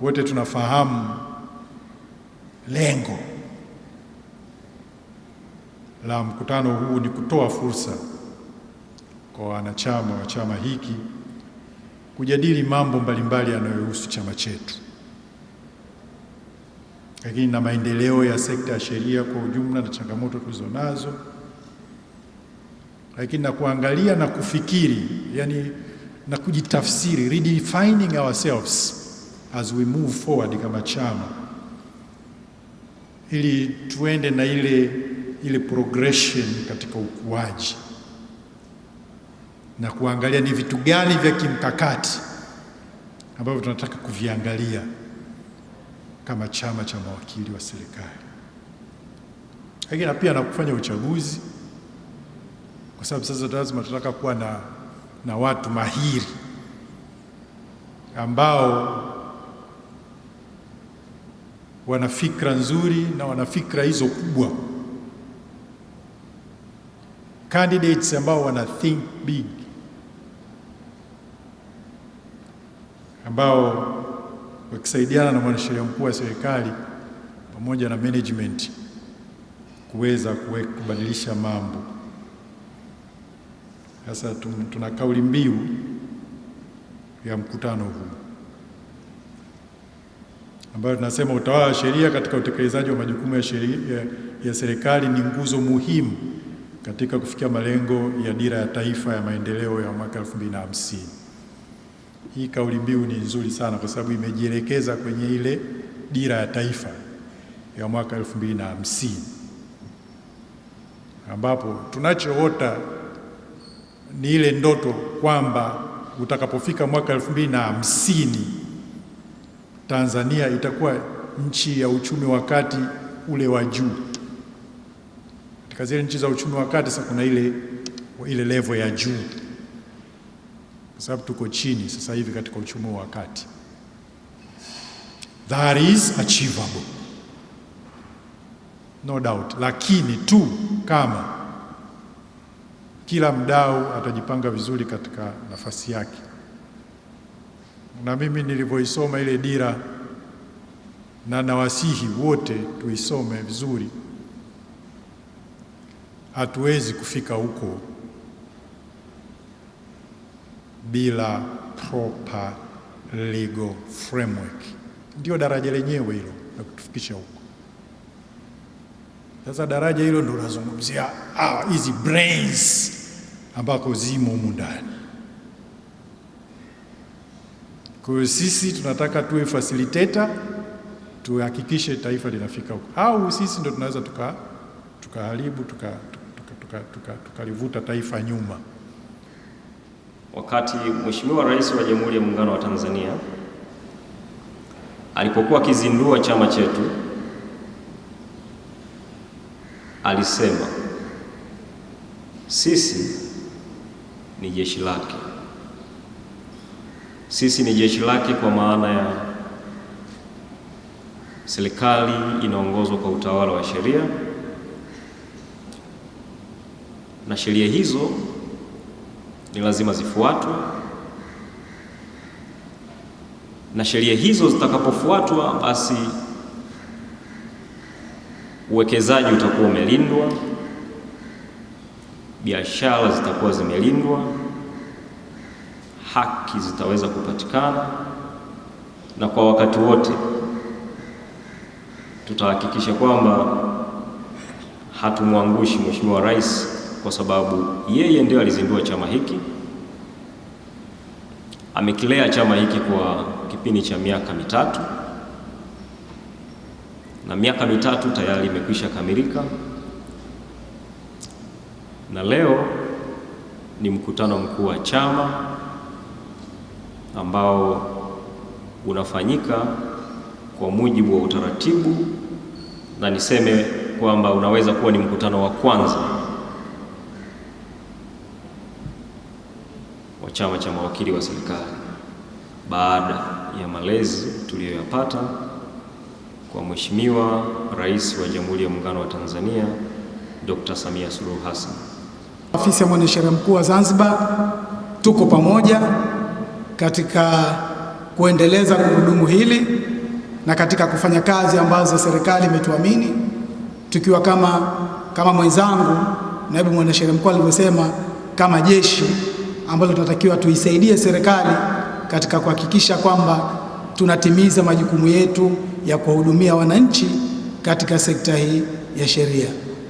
Wote tunafahamu lengo la mkutano huu ni kutoa fursa kwa wanachama wa chama hiki kujadili mambo mbalimbali yanayohusu chama chetu, lakini na maendeleo ya sekta ya sheria kwa ujumla na changamoto tulizonazo, lakini na kuangalia na kufikiri, yani na kujitafsiri, redefining ourselves as we move forward kama chama, ili tuende na ile ile progression katika ukuaji na kuangalia ni vitu gani vya kimkakati ambavyo tunataka kuviangalia kama chama cha mawakili wa serikali, lakini pia na kufanya uchaguzi, kwa sababu sasa lazima tunataka kuwa na, na watu mahiri ambao wana fikra nzuri na wana fikra hizo kubwa, candidates ambao wana think big, ambao wakisaidiana na mwanasheria mkuu wa serikali pamoja na management kuweza kubadilisha mambo. Sasa tuna kauli mbiu ya mkutano huu ambayo tunasema utawala wa sheria katika utekelezaji wa majukumu ya ya, ya serikali ni nguzo muhimu katika kufikia malengo ya Dira ya Taifa ya Maendeleo ya mwaka 2050. Hii kauli mbiu ni nzuri sana kwa sababu imejielekeza kwenye ile Dira ya Taifa ya mwaka 2050 ambapo tunachoota ni ile ndoto kwamba utakapofika mwaka 2050 Tanzania itakuwa nchi ya uchumi wa kati ule wa juu. Katika zile nchi za uchumi wa kati sasa kuna ile, ile level ya juu, kwa sababu tuko chini sasa hivi katika uchumi wa kati. That is achievable. No doubt, lakini tu kama kila mdau atajipanga vizuri katika nafasi yake. Na mimi nilivyoisoma ile dira, na nawasihi wote tuisome vizuri, hatuwezi kufika huko bila proper legal framework. Ndio daraja lenyewe hilo la kutufikisha huko. Sasa daraja hilo ndio unazungumzia ah, hizi brains ambako zimo humu ndani. Kwa hiyo sisi tunataka tuwe facilitator, tuhakikishe taifa linafika huko, au sisi ndo tunaweza tukaharibu tuka tukalivuta tuka, tuka, tuka taifa nyuma. Wakati Mheshimiwa Rais wa Jamhuri ya Muungano wa Tanzania alipokuwa akizindua chama chetu alisema sisi ni jeshi lake. Sisi ni jeshi lake kwa maana ya serikali inaongozwa kwa utawala wa sheria, na sheria hizo ni lazima zifuatwe, na sheria hizo zitakapofuatwa, basi uwekezaji utakuwa umelindwa, biashara zitakuwa zimelindwa haki zitaweza kupatikana, na kwa wakati wote tutahakikisha kwamba hatumwangushi Mheshimiwa Rais, kwa sababu yeye ndio alizindua chama hiki, amekilea chama hiki kwa kipindi cha miaka mitatu na miaka mitatu tayari imekwisha kamilika, na leo ni mkutano mkuu wa chama ambao unafanyika kwa mujibu wa utaratibu, na niseme kwamba unaweza kuwa ni mkutano wa kwanza wa Chama cha Mawakili wa Serikali baada ya malezi tuliyoyapata kwa Mheshimiwa Rais wa Jamhuri ya Muungano wa Tanzania Dr. Samia Suluhu Hassan. Afisi ya Mwanasheria Mkuu wa Zanzibar, tuko pamoja katika kuendeleza gurudumu hili na katika kufanya kazi ambazo serikali imetuamini tukiwa kama, kama mwenzangu naibu mwanasheria mkuu alivyosema, kama jeshi ambalo tunatakiwa tuisaidie serikali katika kuhakikisha kwamba tunatimiza majukumu yetu ya kuwahudumia wananchi katika sekta hii ya sheria.